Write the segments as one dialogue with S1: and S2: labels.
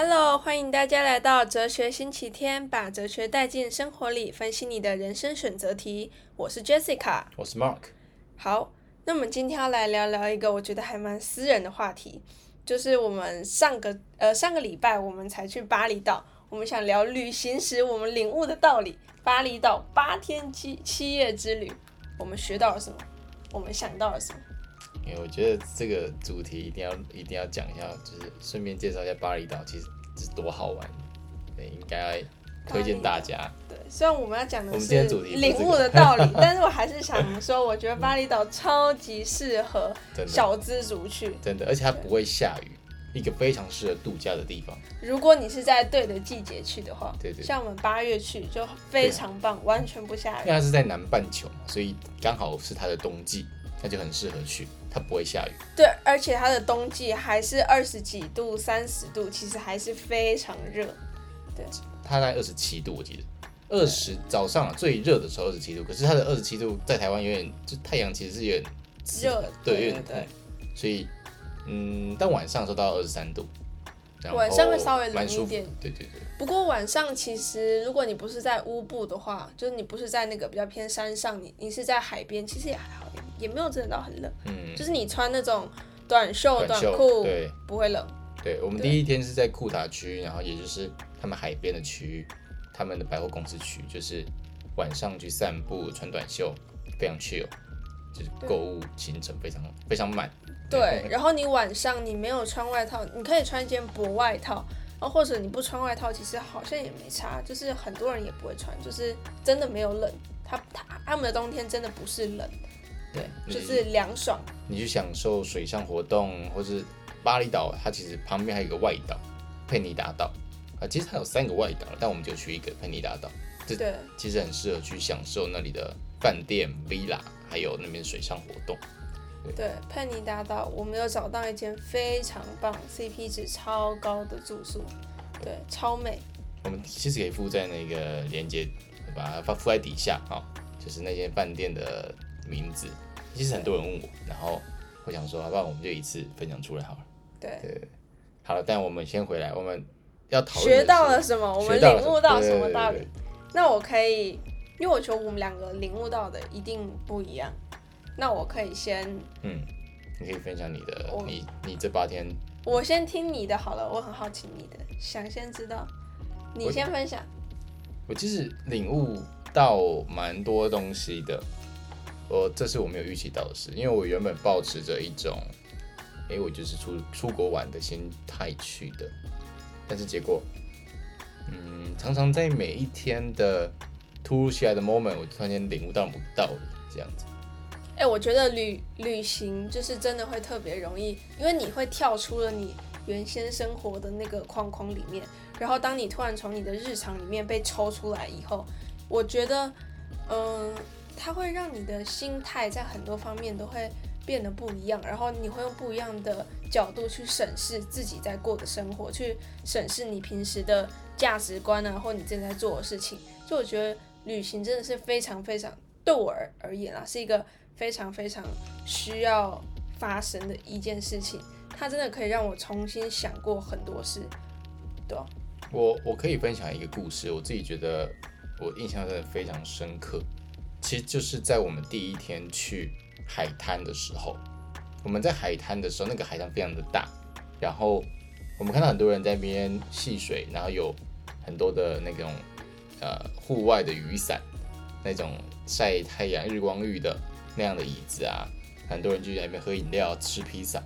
S1: Hello，歡迎大家來到哲學星期天，把哲學帶進生活裡，分析你的人生選擇題。我是 Jessica，我是 's Mark。好，那我們今天要來聊聊一個我覺得還蠻私人的話題，就是我們上個呃上個禮拜我們才去巴厘島，我們想聊旅行時我們領悟的道理。巴厘島八天七七夜之旅，我們學到了什麼？我們想到了什麼？
S2: 我覺得這個主題，一定要一定要講一下，就是順便介紹一下巴厘島，其實這多好玩，應該推薦大家。對，
S1: 雖然我們要講的是領悟的道理，是這個、 但是我還是想說，我覺得巴厘島超級適合小資族去，真，真的，而
S2: 且它不會下雨，對一個非常適合度假的地方。
S1: 如果你是在對的季節去的話，對，對對，像我們八月去就非常棒，對完全不下雨。因為它是在
S2: 南半球嘛，所以剛好是它的冬季，那就很適合去。它不會下雨，
S1: 對，而且它的冬季還是二十幾度，三十度，其實還是非常熱，對。
S2: 它在二十七度，我記得二十對早上、啊、最熱的時候二十七度，可是它的二十七度在台灣有點就太陽其實是有
S1: 點熱，熱對，有點熱，
S2: 對對所以嗯，但晚上的時候到二十三度，晚上會稍微冷，冷一點，對對對。
S1: 不過晚上其實如果你不是在烏布的話，就是你不是在那個比較偏山上，你你是在海邊，其實也還好一點。也沒有真的到很冷，嗯，就是你穿那種短袖短、短褲，對，不會冷。
S2: 對，我們第一天是在庫塔區，然後也就是他們海邊的區域，他們的百貨公司區，就是晚上去散步穿短袖，非常 chill，就是購物行程非常對非常滿。對，對然後
S1: 你晚上你沒有穿外套，你可以穿一件薄外套，然後或者你不穿外套，其實好像也沒差，就是很多人也不會穿，就是真的沒有冷，他他他們的冬天真的不是冷。對，嗯、就是涼爽
S2: 你，你去享受水上活動，或是巴厘島，它其實旁邊還有一個外島，佩尼達島啊。其實它有三個外島，呵呵但我們就去一個佩尼達島。這對其實很適合去享受那裡的飯店、villa，還有那邊水上活動。
S1: 對，佩尼達島，我們有找到一間非常棒，CP 值超高的住宿，對，超美。
S2: 我們其實可以附在那個連結，把它附附在底下啊，喔，就是那間飯店的，名字其實很多人問我，對然後我想說，好不好？我們就一次分享出來好了。對、對，好了，但我們先回來，我們要討論學到了什麼？我們領悟到什麼道理？
S1: 那我可以，因為我覺得我們兩個領悟到的一定不一樣。那我可以先，
S2: 嗯，你可以分享你的，我你你這八天，
S1: 我先聽你的好了。我很好奇你的，想先知道，你先分享。
S2: 我其實領悟到蠻多東西的。我、哦、這是我沒有預期到的事，因為我原本抱持着一種，哎、欸，我就是出出國玩的心態去的，但是結果，嗯，常常在每一天的突如其來的 moment，我突然間領悟到我們到這樣子。
S1: 哎、欸，我覺得旅旅行就是真的會特別容易，因為你會跳出了你原先生活的那個框框裡面，然後當你突然從你的日常裡面被抽出來以後，我覺得，嗯。它會讓你的心態在很多方面都會變得不一樣，然後你會用不一樣的角度去審視自己在過的生活，去審視你平時的價值觀啊，或你正在做的事情。就我覺得旅行真的是非常非常對我而而言啊，是一個非常非常需要發生的一件事情。它真的可以讓我重新想過很多事，對啊。
S2: 我我可以分享一個故事，我自己覺得我印象真的非常深刻。其實就是在我們第一天去海灘的時候，我們在海灘的時候，那個海灘非常的大，然後我們看到很多人在那邊戲水，然後有很多的那種呃戶外的雨傘，那種曬太陽日光浴的那樣的椅子啊，很多人就在那邊喝飲料吃披薩，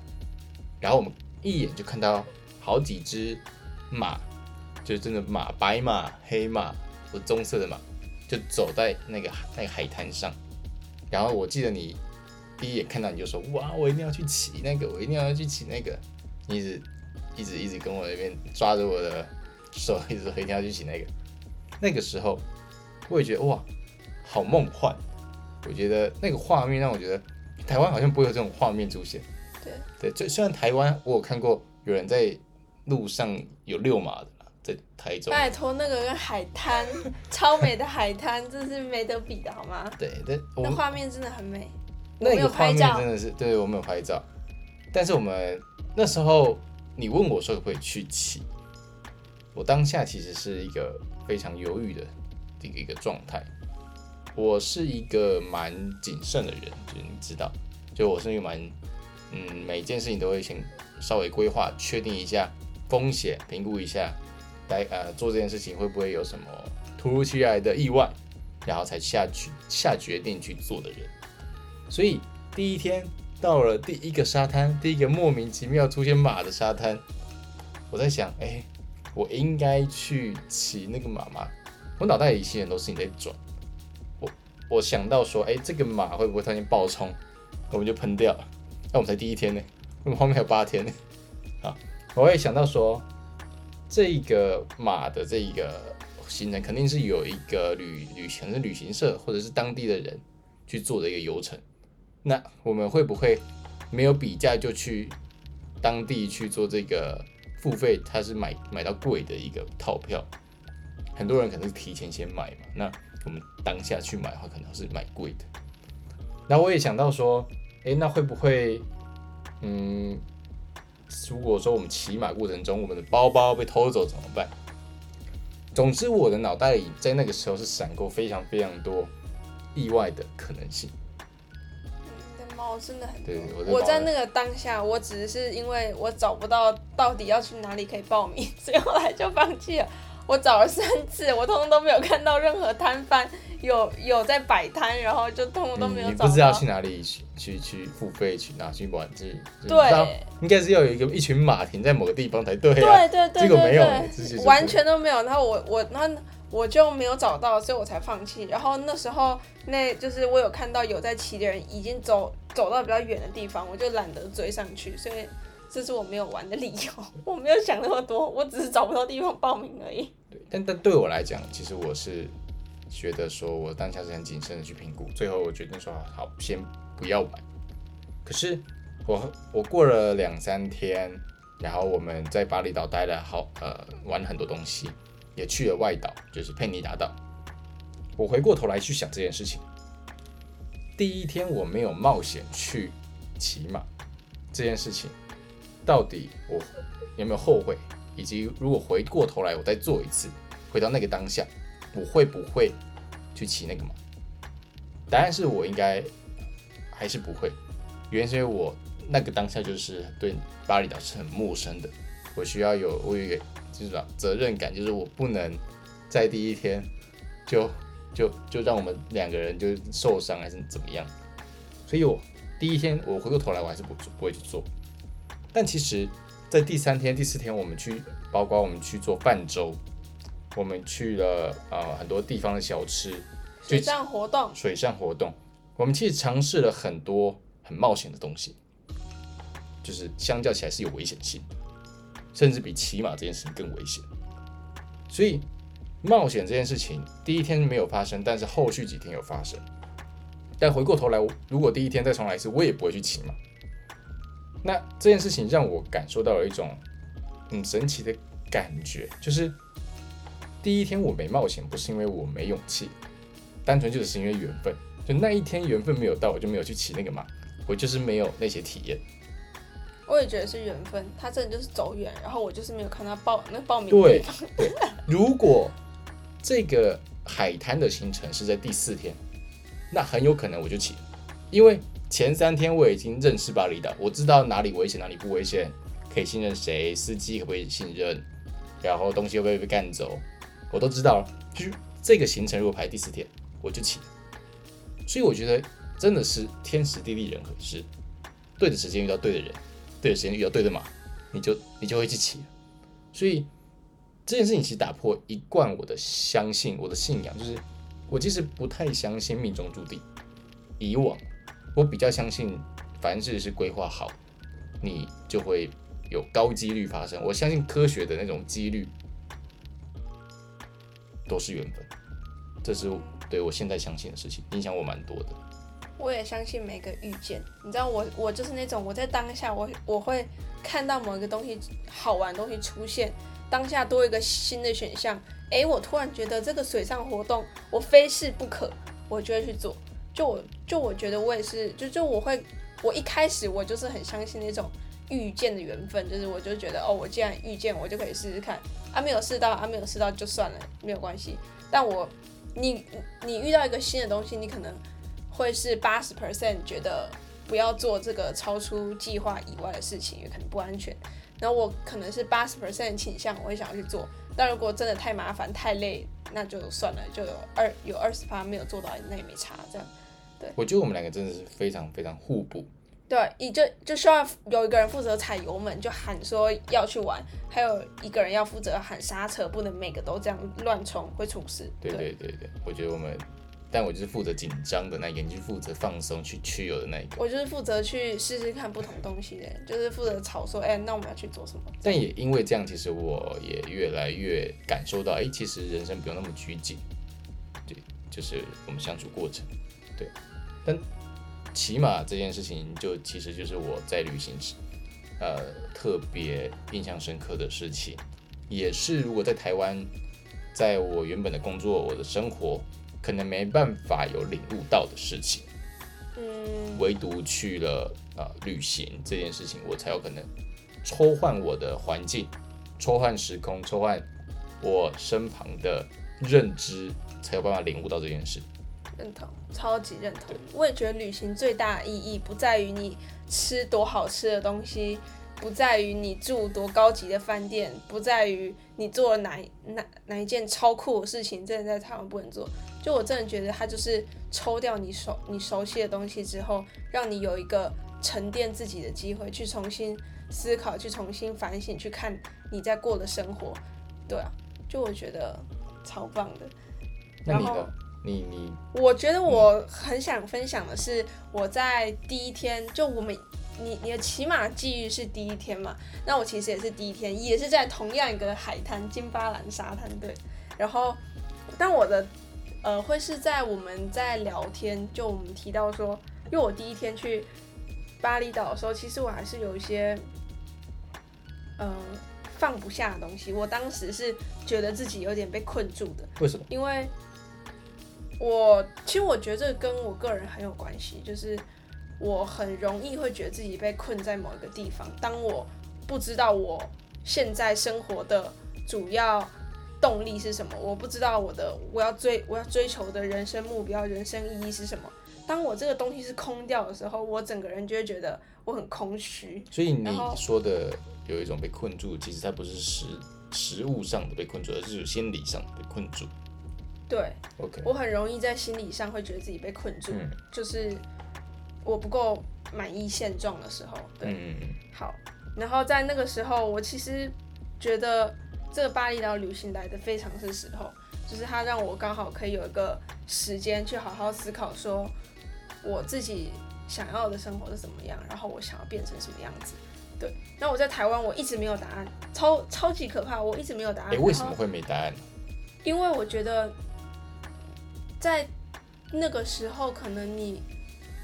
S2: 然後我們一眼就看到好幾隻馬，就真的馬，白馬、黑馬或棕色的馬。就走在那個那個海灘上，然後我記得你第一眼看到你就說哇，我一定要去騎那個，我一定要去騎那個，你一直一直一直跟我那邊抓着我的手，一直說一定要去騎那個。那個時候我也覺得哇，好夢幻。我覺得那個畫面讓我覺得台灣好像不會有這種畫面出現。對對，就雖然台灣我有看過有人在路上有遛馬的。在台中，拜
S1: 託那個跟海灘 超美的海灘，這是沒得比的好嗎？
S2: 對，對那畫
S1: 面真的很美，沒有拍照，真的
S2: 是，對，我沒有拍照。但是我們那時候你問我說會不會去騎，我當下其實是一個非常猶豫的一個一個狀態。我是一個蠻謹慎的人，就是、你知道，就我是一個蠻嗯，每件事情都會先稍微規劃、確定一下風險，評估一下。來呃做這件事情會不會有什麼突如其來的意外，然後才下去下決定去做的人。所以第一天到了第一個沙灘，第一個莫名其妙出現馬的沙灘，我在想，哎、欸，我應該去騎那個馬嗎？我腦袋裡心裡很多事情在轉。我我想到說，哎、欸，這個馬會不會突然間爆衝，我們就噴掉那，啊、我們才第一天呢，我們後面還有八天呢。啊，我會想到說，這一個馬的這一個行程肯定是有一個旅旅行的旅行社或者是當地的人去做的一個流程，那我們會不會沒有比價就去當地去做這個付費？它是買買到貴的一個套票，很多人可能是提前先買嘛，那我們當下去買的話，可能是買貴的。那我也想到說，誒，那會不會，嗯？如果說我們騎馬過程中我們的包包被偷走怎麼辦？總之我的腦袋裡在那個時候是閃過非常非常多意外的可能性。
S1: 嗯、你的貓真的很……對，對
S2: 對，我，我在那
S1: 個當下，我只是因為我找不到到底要去哪裡可以報名，所以後來就放棄了。我找了三次，我通通都沒有看到任何攤販。有有在擺攤，然後就通通都沒有找到。你、嗯、不知道
S2: 去哪裡去去，去付費去哪去玩，就對，就應該是要有一個一群馬停在某個地方才對、啊、對，對，對，對，對。這個沒有、欸，對對對，完全都
S1: 沒有。然後我我那我，我就沒有找到，所以我才放棄。然後那時候那就是我有看到有在騎的人已經走走到比較遠的地方，我就懶得追上去，所以這是我沒有玩的理由。我沒有想那麼多，我只是找不到地方報名而已。對，
S2: 但但對我來講，其實我是。覺得說，我當下是很謹慎的去評估，最後我決定說好，先不要買。可是我我過了兩三天，然後我們在巴厘島待了好呃玩很多東西，也去了外島，就是佩尼達島。我回過頭來去想這件事情，第一天我沒有冒險去騎馬這件事情，到底我有沒有後悔？以及如果回過頭來我再做一次，回到那個當下。不會不會去騎那個馬，答案是我應該還是不會，原因是因為我那個當下就是對峇里島是很陌生的，我需要有我有一個就是責任感，就是我不能在第一天就，就就就讓我們兩個人就受傷還是怎麼樣，所以我第一天我回過頭來我還是不不會去做，但其實，在第三天第四天我們去，包括我們去做泛舟。我們去了啊、呃，很多地方的小吃、水上
S1: 活動，水
S2: 上活動，我們其實嘗試了很多很冒險的東西，就是相較起來是有危險性，甚至比騎馬這件事情更危險。所以冒險這件事情第一天沒有發生，但是後續幾天有發生。但回過頭來，如果第一天再重來一次，我也不會去騎馬。那這件事情讓我感受到了一種很神奇的感覺，就是。第一天我沒冒險，不是因為我沒勇氣，單純就是因為緣分。就那一天緣分沒有到，我就沒有去騎那個馬，我就是沒有那些體驗。
S1: 我也覺得是緣分，他真的就是走遠，然後我就是沒有看到報那報名對。對，
S2: 如果這個海灘的行程是在第四天，那很有可能我就騎，因為前三天我已經認識巴厘島，我知道哪裡危險，哪裡不危險，可以信任誰，司機可不可以信任，然後東西會不會被幹走。我都知道了。就是這個行程如果排第四天，我就騎了。所以我覺得真的是天時地利人和，是對的時間遇到對的人，對的時間遇到對的馬，你就你就會去騎，騎了。所以這件事情其實打破一貫我的相信，我的信仰就是，我其實不太相信命中注定。以往我比較相信凡事是規劃好，你就會有高幾率發生。我相信科學的那種幾率。都是緣分，這是對我現在相信的事情，影響我蠻多的。
S1: 我也相信每個遇見，你知道我，我我就是那種我在當下我，我我會看到某一個東西好玩的東西出現，當下多一個新的選項，誒，我突然覺得這個水上活動我非試不可，我就會去做。就我就我覺得我也是，就就我會，我一開始我就是很相信那種。遇見的緣分就是，我就覺得哦，我既然遇見，我就可以試試看。啊，沒有試到，啊，沒有試到就算了，沒有關係。但我，你，你遇到一個新的東西，你可能會是八十 percent 覺得不要做這個超出計劃以外的事情，也可能不安全。然後我可能是八十 percent 傾向，我也想要去做。但如果真的太麻煩、太累，那就算了，就有二有二十 percent 沒有做到，那也沒差，這樣。對。
S2: 我覺得我們兩個真的是非常非常互補。
S1: 對，你就就需要有一個人負責踩油門，就喊說要去玩，還有一個人要負責喊剎車，不能每個都這樣亂衝，會出事。
S2: 對，對對對對，我覺得我們，但我就是負責緊張的那個，你就負責放鬆去驅油的那一
S1: 個。我就是負責去試試看不同東西的，就是負責吵說，哎、欸，那我們要去做什麼？什麼，
S2: 但也因為這樣，其實我也越來越感受到，哎、欸，其實人生不用那麼拘謹，對，就是我們相處過程，對，但。騎馬這件事情，就其實就是我在旅行時，呃，特別印象深刻的事情，也是如果在台灣，在我原本的工作，我的生活可能沒辦法有領悟到的事情，唯獨去了啊、呃、旅行這件事情，我才有可能抽換我的環境，抽換時空，抽換我身旁的認知，才有辦法領悟到這件事。
S1: 認同，超級認同。我也覺得旅行最大的意義不在於你吃多好吃的東西，不在於你住多高級的飯店，不在於你做了哪哪哪一件超酷的事情，真的在，在台灣不能做。就我真的覺得它就是抽掉你熟你熟悉的東西之後，讓你有一個沉澱自己的機會，去重新思考，去重新反省，去看你在過的生活。對啊，就我覺得超棒的。然
S2: 後。你你，
S1: 你我覺得我很想分享的是，我在第一天就我們你你的騎馬際遇是第一天嘛？那我其實也是第一天，也是在同樣一個海灘，金巴蘭沙灘對。然後，但我的呃會是在我們在聊天，就我們提到說，因為我第一天去巴厘島的時候，其實我還是有一些、呃、放不下的東西。我當時是覺得自己有點被困住的。為什麼？因為。我其實我覺得這跟我個人很有關係，就是我很容易會覺得自己被困在某一個地方。當我不知道我現在生活的主要動力是什麼，我不知道我的我要追我要追求的人生目標、人生意義是什麼。當我這個東西是空掉的時候，我整個人就會覺得我很空虛。所以你
S2: 說的有一種被困住，後其實它不是實實物上的被困住，而是心理上的被困住。
S1: 對，Okay. 我很容易在心理上會覺得自己被困住，嗯、就是我不夠滿意現狀的時候。對，嗯、好，然後在那個時候，我其實覺得這個巴厘島旅行來的非常是時候，就是它讓我剛好可以有一個時間去好好思考，說我自己想要的生活是怎麼樣，然後我想要變成什麼樣子。對，那我在台灣，我一直沒有答案，超超級可怕，我一直沒有答案。你、欸、後為什麼會沒答案？因為我覺得。在那個時候，可能你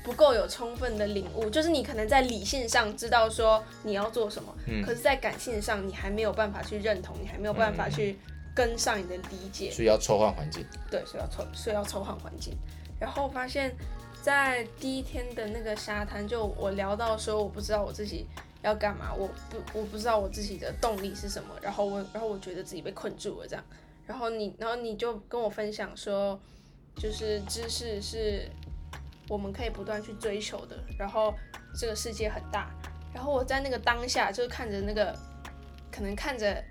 S1: 不夠有充分的領悟，就是你可能在理性上知道說你要做什麼，嗯、可是，在感性上你還沒有辦法去認同，你還沒有辦法去跟上你的理解，嗯、所以要抽換環境，對，所以要，所以要抽，所以要抽換環境。然後發現，在第一天的那個沙灘，就我聊到說，我不知道我自己要幹嘛，我不，我不知道我自己的動力是什麼。然後我，然後我覺得自己被困住了這樣。然後你，然後你就跟我分享說。就是知識是，我們可以不斷去追求的。然後這個世界很大，然後我在那個當下就是看着那個，可能看着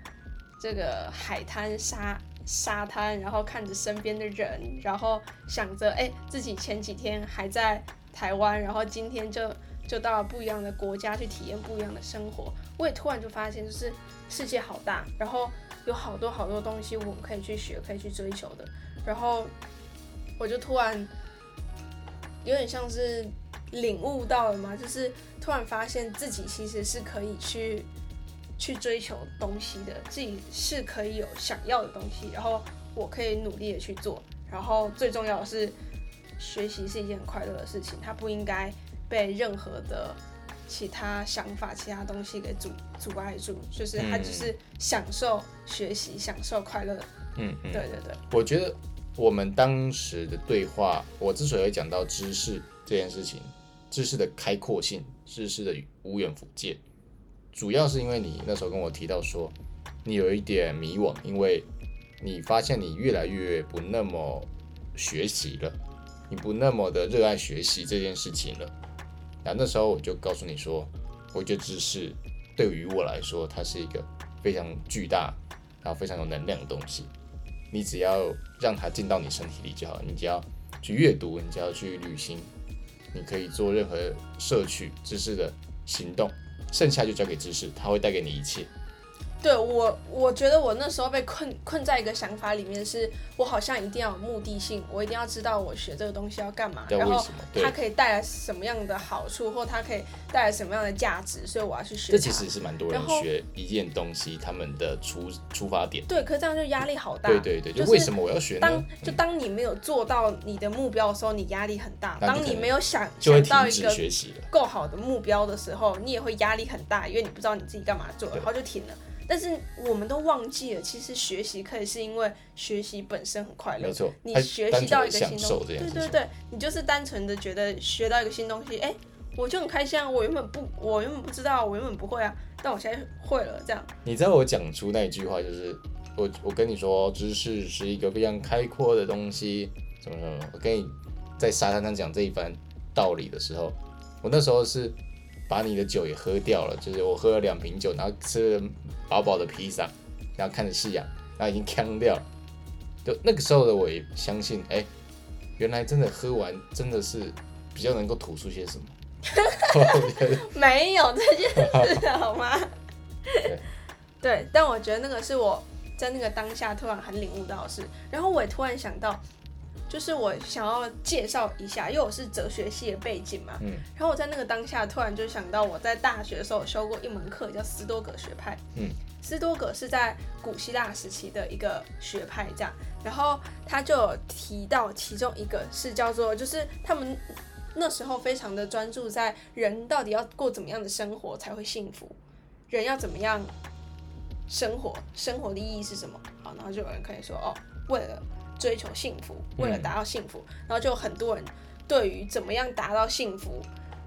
S1: 這個海灘沙沙灘，然後看着身邊的人，然後想着哎、欸，自己前幾天還在台灣，然後今天就就到了不一樣的國家去體驗不一樣的生活。我也突然就發現，就是世界好大，然後有好多好多東西我們可以去學，可以去追求的。然後。我就突然有點像是領悟到了嘛，就是突然發現自己其實是可以去去追求東西的，自己是可以有想要的東西，然後我可以努力的去做，然後最重要的是學習是一件很快樂的事情，它不應該被任何的其他想法、其他東西給阻阻礙住，就是它就是享受學習，嗯、享受快樂。嗯
S2: 哼，對對對，我覺得。我們當時的對話，我之所以會講到知識這件事情，知識的開闊性，知識的無遠弗屆，主要是因為你那時候跟我提到說，你有一點迷惘，因為你發現你越來越不那麼學習了，你不那麼的熱愛學習這件事情了。那、啊、那時候我就告訴你說，我覺得知識對於我來說，它是一個非常巨大，然後非常有能量的東西。你只要讓它進到你身體裡就好了。你只要去閱讀，你只要去旅行，你可以做任何攝取知識的行動，剩下就交給知識，它會帶給你一切。
S1: 對我，我覺得我那時候被困困在一個想法裡面是，是我好像一定要有目的性，我一定要知道我學這個東西要幹嘛，然後它可以帶來什麼樣的好處，或它可以帶來什麼樣的價值，所以我要去學它。這其實是蠻多人學
S2: 一件東西後他們的出出發點。
S1: 對，可是這樣就壓力好大。嗯、對對對，就為什麼我要學呢？當就當你沒有做到你的目標的時候，嗯、你壓力很大；當你沒有想想到一個夠好的目標的時候，你也會壓力很大，因為你不知道你自己幹嘛做，對然後就停了。但是我們都忘記了，其實學習可以是因為學習本身很快樂。沒錯，你學習到一個新東西，對對對，你就是單純的覺得學到一個新東西，哎，我就很開心啊。我原本不，我原本不知道，我原本不會啊，但我現在會了。這樣，
S2: 你知道我講出那一句話就是，我我跟你說，知識是一個非常開闊的東西，什麼什麼。我跟你在沙灘上講這一番道理的時候，我那時候是。把你的酒也喝掉了，就是我喝了兩瓶酒，然後吃了飽飽的披薩，然後看着夕陽，然後已經嗆掉了。就那個時候的我也相信，哎、欸，原來真的喝完真的是比較能夠吐出些什麼。
S1: 沒有這件事的好嗎？ 對，對，但我覺得那個是我在那個當下突然很領悟到的好事，然後我也突然想到。就是我想要介紹一下，因為我是哲學系的背景嘛。嗯。然後我在那個當下突然就想到，我在大學的時候修過一門課叫斯多葛學派。嗯。斯多葛是在古希臘時期的一個學派，這樣。然後他就有提到其中一個是叫做，就是他們那時候非常的專注在人到底要過怎麼樣的生活才會幸福，人要怎麼樣生活，生活的意義是什麼。好，然後就有人可以說，哦，為了。追求幸福，為了達到幸福，嗯、然後就很多人對於怎麼樣達到幸福，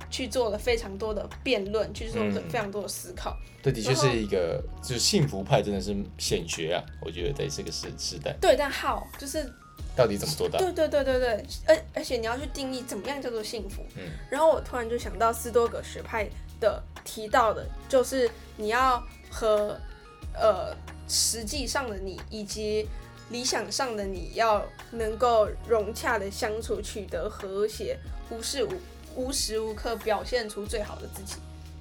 S1: 去做了非常多的辯論，去做了非常多的思考。嗯、對，的確是一
S2: 個，然後，就是幸福派真的是顯學啊，我覺得在這個時時代。
S1: 對，但好就是
S2: 到底怎麼做到？對對
S1: 對對對，而而且你要去定義怎麼樣叫做幸福。嗯。然後我突然就想到斯多葛學派的提到的，就是你要和呃實際上的你以及。理想上的你要能夠融洽的相處，取得和諧，無時無無時無刻表現出最好的自己。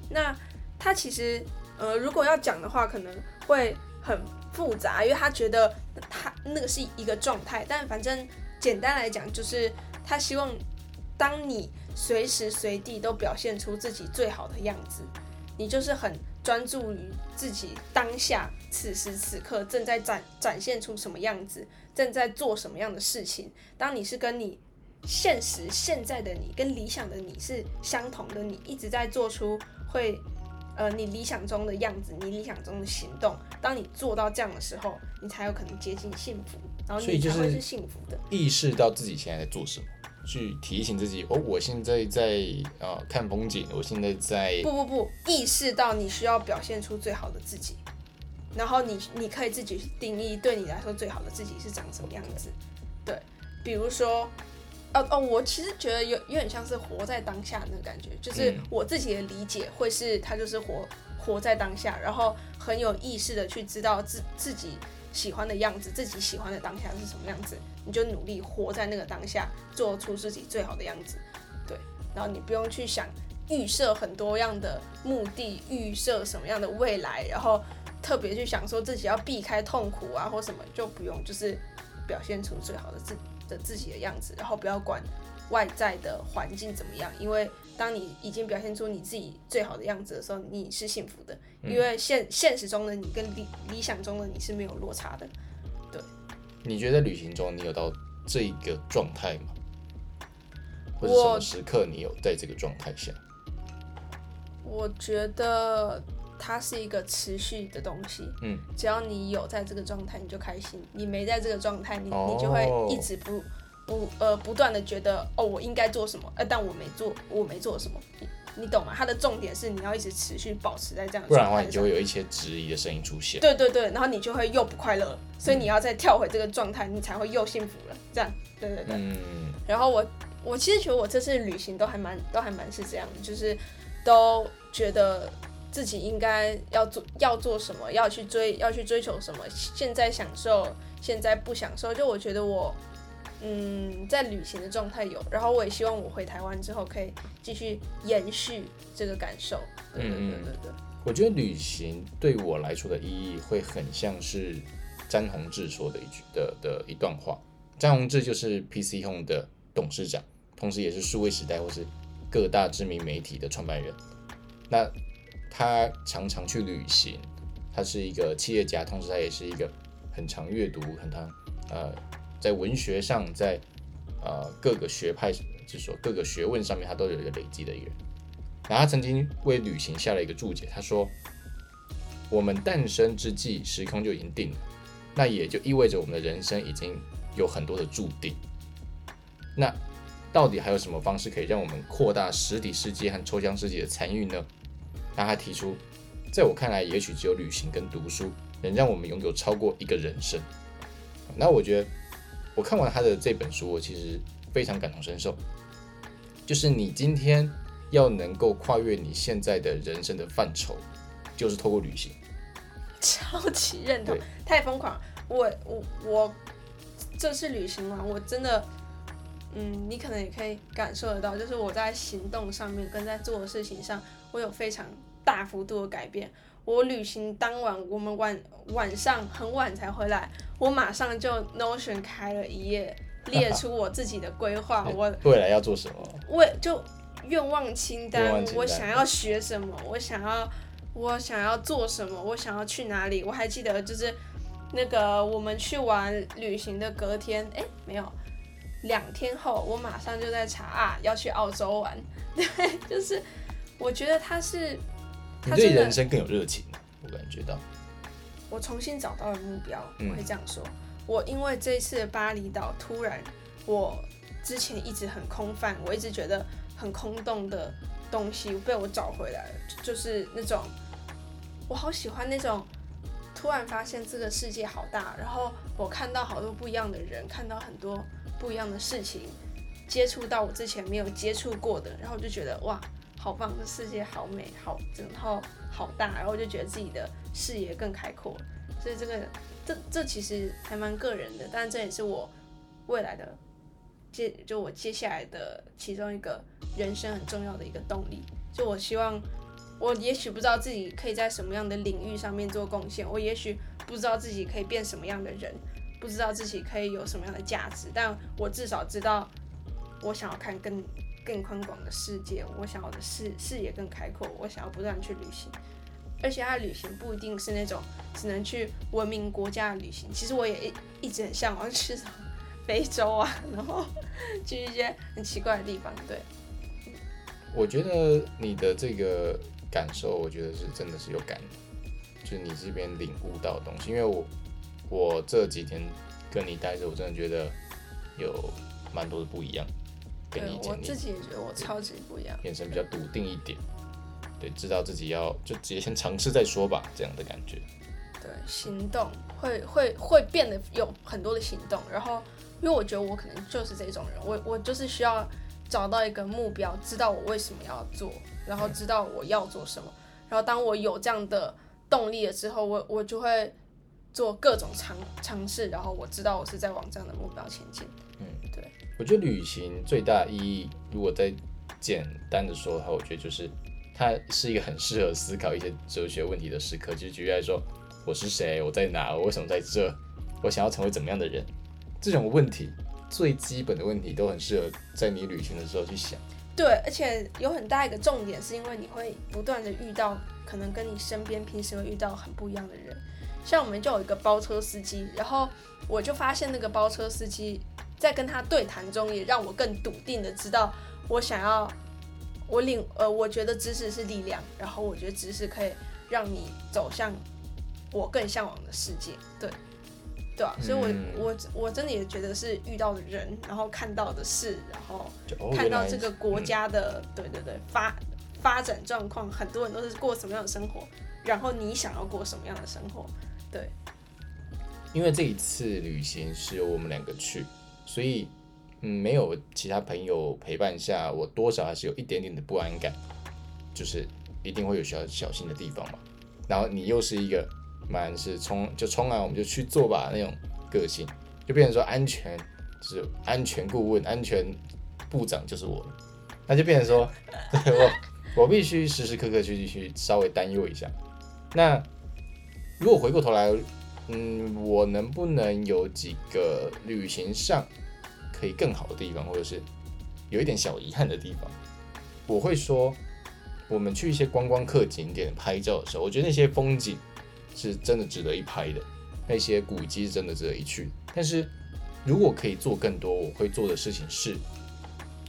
S1: 那他其實，呃，如果要講的話，可能會很複雜，因為他覺得他那個是一個狀態。但反正簡單來講，就是他希望當你隨時隨地都表現出自己最好的樣子，你就是很。專注於自己當下此時此刻正在展展現出什麼樣子，正在做什麼樣的事情。當你是跟你現實現在的你跟理想的你是相同的，你一直在做出會呃你理想中的樣子，你理想中的行動。當你做到這樣的時候，你才有可能接近幸福。然後你才會是幸福的。所
S2: 以就是意識到自己現在在做什麼。去提醒自己哦，我現在在啊、呃、看風景，我現在在不
S1: 不不，意識到你需要表現出最好的自己，然後你你可以自己定義對你來說最好的自己是長什麼樣子，Okay. 對，比如說，哦、呃、哦，我其實覺得有有點像是活在當下的感覺，就是我自己的理解會是他就是活活在當下，然後很有意識的去知道自自己。喜歡的樣子，自己喜歡的當下是什麼樣子？你就努力活在那個當下，做出自己最好的樣子，對。然後你不用去想預設很多樣的目的，預設什麼樣的未來，然後特別去想說自己要避開痛苦啊或什麼，就不用就是表現出最好的自的自己的樣子，然後不要管。外在的環境怎麼樣？因為當你已經表現出你自己最好的樣子的時候，你是幸福的。嗯、因為現現實中的你跟理理想中的你是沒有落差的。對。
S2: 你覺得旅行中你有到這個狀態嗎？
S1: 或者什麼時
S2: 刻你有在這個狀態下？我、
S1: 我覺得它是一個持續的東西。嗯。只要你有在這個狀態，你就開心；你沒在這個狀態，你、哦、你就會一直不。不呃，不斷的覺得哦，我應該做什麼？呃，但我沒做，我沒做什麼，你懂嗎？它的重點是你要一直持續保持在這樣。不然的話，你就會有一
S2: 些質疑的聲音
S1: 出現。對對對，然後你就會又不快樂，所以你要再跳回這個狀態，嗯、你才會又幸福了。這樣，對對對。嗯。然後我我其實覺得我這次旅行都還蠻都還蠻是這樣的，就是都覺得自己應該要做要做什麼，要去追要去追求什麼，現在享受，現在不享受。就我覺得我。嗯，在旅行的狀態有，然後我也希望我回台灣之後可以繼續延續這個感受。對對
S2: 對對，嗯對，我覺得旅行對我來說的意義，會很像是詹宏志說的一句的的一段話。詹宏志就是 PC Home 的董事長，同時也是數位時代或是各大知名媒體的創辦人。那他常常去旅行，他是一個企業家，同時他也是一個很常閱讀、很常呃。在文學上，在呃各個學派，就是說各個學問上面，他都有一個累積的一個人。然後他曾經為旅行下了一個注解，他說：“我們誕生之際，時空就已經定了，那也就意味着我們的人生已經有很多的注定。那到底還有什麼方式可以讓我們擴大實體世界和抽象世界的參與呢？”然後他提出，在我看來，也許只有旅行跟讀書能讓我們擁有超過一個人生。那我覺得。我看完他的這本書，我其實非常感同身受，就是你今天要能夠跨越你現在的人生的範疇，就是透過旅行。
S1: 超級認同，對太瘋狂！我我我這次旅行嘛，我真的，嗯，你可能也可以感受得到，就是我在行動上面跟在做的事情上，我有非常大幅度的改變。我旅行當晚，我們晚晚上很晚才回來，我馬上就 Notion 開了一頁，列出我自己的規劃。 我未來要做什麼？我就願望清單，清單我想要學什麼？我想要我想要做什麼？我想要去哪裡？我還記得就是那個我們去玩旅行的隔天，哎、欸，沒有，兩天後我馬上就在查啊，要去澳洲玩。對，就是我覺得他是。你對人生
S2: 更有熱情，嗯、我感覺到。
S1: 我重新找到了目標，我會這樣說。嗯、我因為這一次的巴厘島，突然我之前一直很空泛，我一直覺得很空洞的東西被我找回來了，就是那種我好喜歡那種突然發現這個世界好大，然後我看到好多不一樣的人，看到很多不一樣的事情，接觸到我之前沒有接觸過的，然後我就覺得哇。好棒！這世界好美好，然後好大，然後我就覺得自己的視野更開闊。所以這個，這這其實還蠻個人的，但這也是我未來的接，就我接下來的其中一個人生很重要的一個動力。就我希望，我也許不知道自己可以在什麼樣的領域上面做貢獻，我也許不知道自己可以變什麼樣的人，不知道自己可以有什麼樣的價值，但我至少知道我想要看更。更寬廣的世界，我想要的視視野更開闊，我想要不斷去旅行，而且他的旅行不一定是那種只能去文明國家的旅行。其實我也一一直很嚮往去非洲啊，然後去一些很奇怪的地方。對，
S2: 我覺得你的這個感受，我覺得是真的是有感，就是你這邊領悟到的東西。因為我我這幾天跟你待着，我真的覺得有蠻多的不一樣。對，我自己
S1: 也覺得我超級不一樣，眼神比
S2: 較篤定一點，對，對，對，知道自己要就直接先嘗試再說吧，這樣的感覺。
S1: 對，行動會會會變得有很多的行動，然後因為我覺得我可能就是這種人，我我就是需要找到一個目標，知道我為什麼要做，然後知道我要做什麼，嗯、然後當我有這樣的動力了之後，我我就會。做各種嘗嘗試，然後我知道我是在往這樣的目標前進。嗯，
S2: 對，我覺得旅行最大意義，如果再簡單的說的話，我覺得就是它是一個很適合思考一些哲學問題的時刻，就是舉例來說，我是誰？我在哪？我為什麼在這？我想要成為怎麼樣的人？這種問題，最基本的問題，都很適合在你旅行的時候去想。
S1: 對，而且有很大一個重點，是因為你會不斷的遇到可能跟你身邊平時會遇到很不一樣的人。像我們就有一個包車司機，然後我就發現那個包車司機在跟他對談中，也讓我更篤定的知道我想要，我領呃，我覺得知識是力量，然後我覺得知識可以讓你走向我更嚮往的世界，對對啊，所以我，mm. 我我我真的也覺得是遇到的人，然後看到的事，然後看到這個國家的、oh, 對對對，發發展狀況，很多人都是過什麼樣的生活，然後你想要過什麼樣的生活。對，
S2: 因為這一次旅行是由我們兩個去，所以嗯，沒有其他朋友陪伴下，我多少還是有一點點的不安感，就是一定會有需要小心的地方嘛。然後你又是一個蠻是衝就衝啊，我們就去做吧，那種個性，就變成說安全、就是安全顧問、安全部長就是我，那就變成說，對，我我必須時時刻刻去去，去稍微擔憂一下，那。如果回過頭來，嗯，我能不能有幾個旅行上可以更好的地方，或者是有一點小遺憾的地方？我會說，我們去一些觀光客景點拍照的時候，我覺得那些風景是真的值得一拍的，那些古蹟真的值得一去。但是如果可以做更多，我會做的事情是，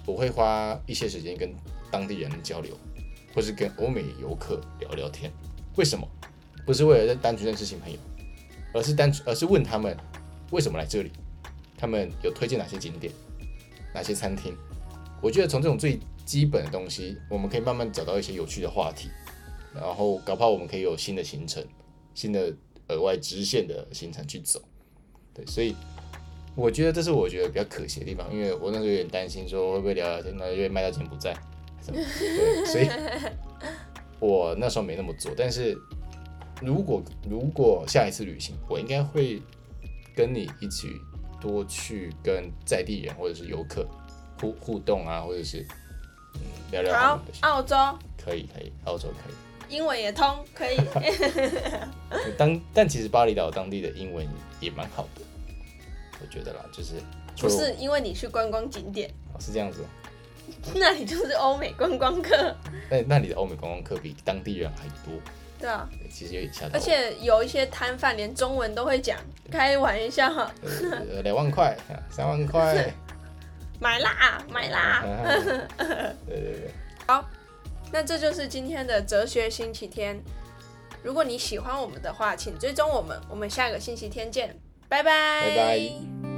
S2: 我會花一些時間跟當地人交流，或是跟歐美遊客聊聊天。為什麼？不是為了單純認識新朋友，而是單純而是問他們為什麼來這裡，他們有推薦哪些景點，哪些餐廳？我覺得從這種最基本的東西，我們可以慢慢找到一些有趣的話題，然後搞不好我們可以有新的行程，新的額外支線的行程去走。對，所以我覺得這是我覺得比較可惜的地方，因為我那時候有點擔心說會不會聊聊天，那因為麥道今天不在，
S1: 對，所以
S2: 我那時候沒那麼做，但是。如果如果下一次旅行，我應該會跟你一起多去跟在地人或者是遊客互互動啊，或者是、嗯、聊聊聊。好，澳洲可以可以，澳洲可以，
S1: 英文也通，可以。
S2: 當但其實巴厘島當地的英文也蠻好的，我覺得啦，就是不是
S1: 因為你去觀光景點，
S2: 哦、是這樣子，
S1: 那裡就是歐美觀光客，
S2: 那那裡的歐美觀光客比當地人還多。對啊，其實有點，而且
S1: 有一些攤販連中文都會講，開玩笑、喔。
S2: 兩、 呃、萬塊，三萬塊、
S1: 啊，買啦、啊，買啦、啊。對，對對對，好，那這就是今天的哲學星期天。如果你喜歡我們的話，請追蹤我們，我們下個星期天見，拜拜。拜拜。